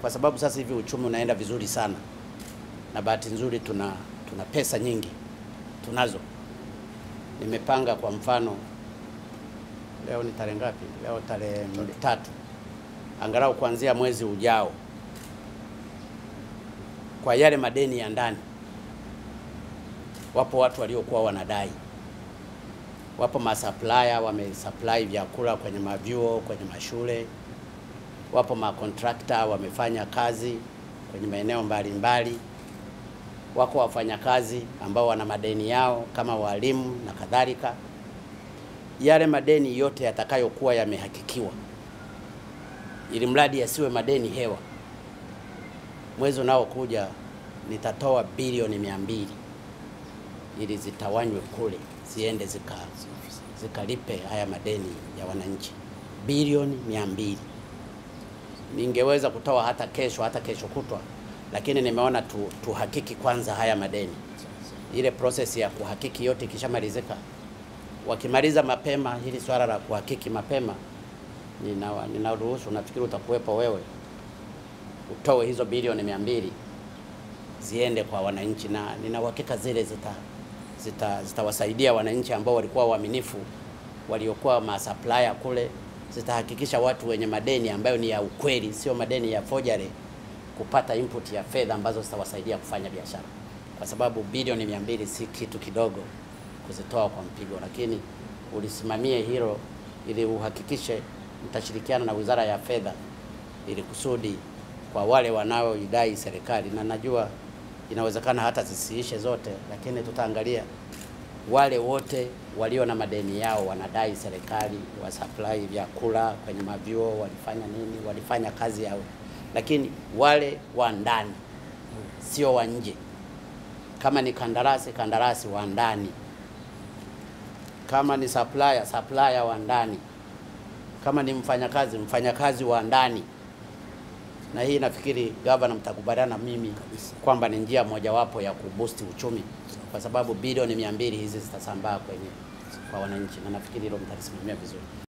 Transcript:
kwa sababu sasa hivi uchumi unaenda vizuri sana, na bahati nzuri tuna, tuna pesa nyingi tunazo. Nimepanga kwa mfano, leo ni tarehe ngapi? Leo tarehe tatu, angalau kuanzia mwezi ujao kwa yale madeni ya ndani. Wapo watu waliokuwa wanadai, wapo masupplier wamesupply vyakula kwenye mavyuo, kwenye mashule wapo makontrakta wamefanya kazi kwenye maeneo mbalimbali, wako wafanyakazi ambao wana madeni yao kama walimu na kadhalika. Yale madeni yote yatakayokuwa yamehakikiwa, ili mradi yasiwe madeni hewa, mwezi unaokuja nitatoa bilioni mia mbili ili zitawanywe kule ziende zikalipe zika haya madeni ya wananchi bilioni mia mbili ningeweza kutoa hata kesho hata kesho kutwa, lakini nimeona tu, tuhakiki kwanza haya madeni. Ile proses ya kuhakiki yote ikishamalizika, wakimaliza mapema hili swala la kuhakiki mapema, ninaruhusu nina nafikiri utakuwepo wewe, utoe hizo bilioni mia mbili ziende kwa wananchi, na nina uhakika zile zita zitawasaidia zita, zita wananchi ambao walikuwa waaminifu waliokuwa masupplier kule zitahakikisha watu wenye madeni ambayo ni ya ukweli, sio madeni ya fojare, kupata input ya fedha ambazo zitawasaidia kufanya biashara, kwa sababu bilioni mbili si kitu kidogo kuzitoa kwa mpigo, lakini ulisimamie hilo ili uhakikishe mtashirikiana na Wizara ya Fedha ili kusudi kwa wale wanaoidai serikali, na najua inawezekana hata zisiishe zote, lakini tutaangalia wale wote walio na madeni yao wanadai serikali wasupply vyakula kwenye mavyuo, walifanya nini, walifanya kazi yao, lakini wale wa ndani, sio wa nje. Kama ni kandarasi, kandarasi wa ndani kama ni supplier, supplier wa ndani, kama ni mfanyakazi, mfanyakazi wa ndani na hii nafikiri gavana, mtakubaliana mimi kwamba ni njia mojawapo ya kuboost uchumi, kwa sababu bilioni mia mbili hizi zitasambaa kwenye kwa wananchi, na nafikiri hilo mtalisimamia vizuri.